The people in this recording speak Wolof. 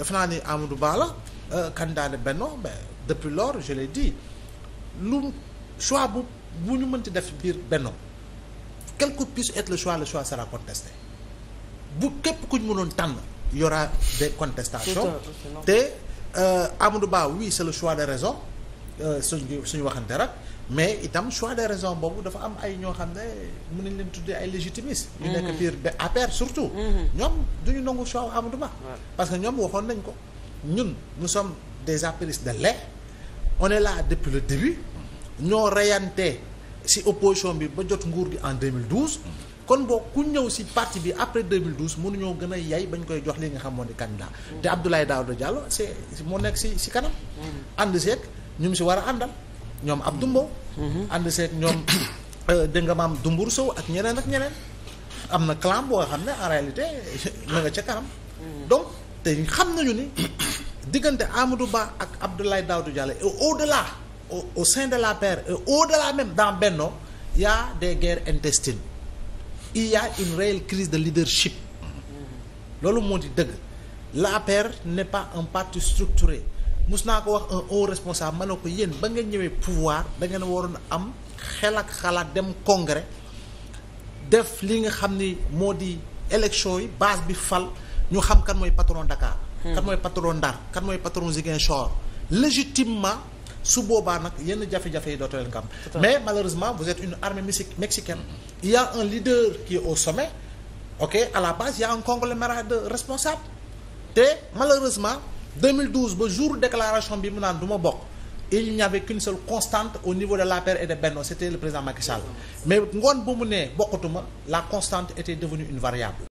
def naa ni Amadou Ba la euh, candidat de Benno mais depuis lors je l'ai lu choix bu bu ñu mënti def biir Benno quel que puisse être le choix le choix sera contesté bu képp ku ñu mënoon tànn y aura des contestations te euh, Amadou baax oui c'est le choix de raison Euh, suñu suñu waxante rek mais itam choix des raisons boobu dafa am ay ñoo xam ne mën nañ leen tuddee ay légitimistes. ñu nekk mhm. biir ba APR surtout. Mhm. ñoom du ñu nangu choix Amadou Ba. parce que ñoom waxoon nañ ko ñun nous sommes des apéristes de lait on est là depuis le début ñoo reyante si opposition bi ba jot nguur gi en 2012. kon boo ku ñëw si parti bi après 2012 mënuñoo gën a yay bañ koy jox li nga xam moo di candidat mhm. te Abdoulaye Daouda Diallo c'est moo nekk si si kanam. ànd seeg. ñu mu si war a àndal ñoom ab dumbo mhm. ànd seeg ñoom euh, dégg nga maam dumbur sow ak ñeneen ak ñeneen am na clan boo xam ne en réalité na ca kanam mhm. donc te xam nañu ni diggante Amadou Ba ak Abdoulaye daaw du et au-delà au, au sein de la paire et au-delà même dans Benno il des guerres intestines il y a une réelle crise de leadership mhm. loolu moo di dëgg la paire n'est pas un parti structuré mus naa ko wax un haut responsable ma ne ko yéen ba nga ñëwee pouvoir da ngeen waroon am xel ak xalaat dem congrès def li nga xam ni moo di élection yi base bi fal ñu xam kan mooy patron Dakar. Hmm. kan mooy patron Ndar kan mooy patron Ziguinchor légitimement su boobaa nag yenn jafe-jafe yi dootoo leen ko am mais malheureusement vous êtes une armée mexicaine il y a un leader qui est au sommet ok à la base il y a un conglomérat de responsables te malheureusement 2012 ba jour déclaration bi mu naan du ma bokk il n'y avait qu'une constante au niveau de l'APR et de Benno c'était le président Macky mais ngoon bu mu nee bokkatuma la constante était devenue une variable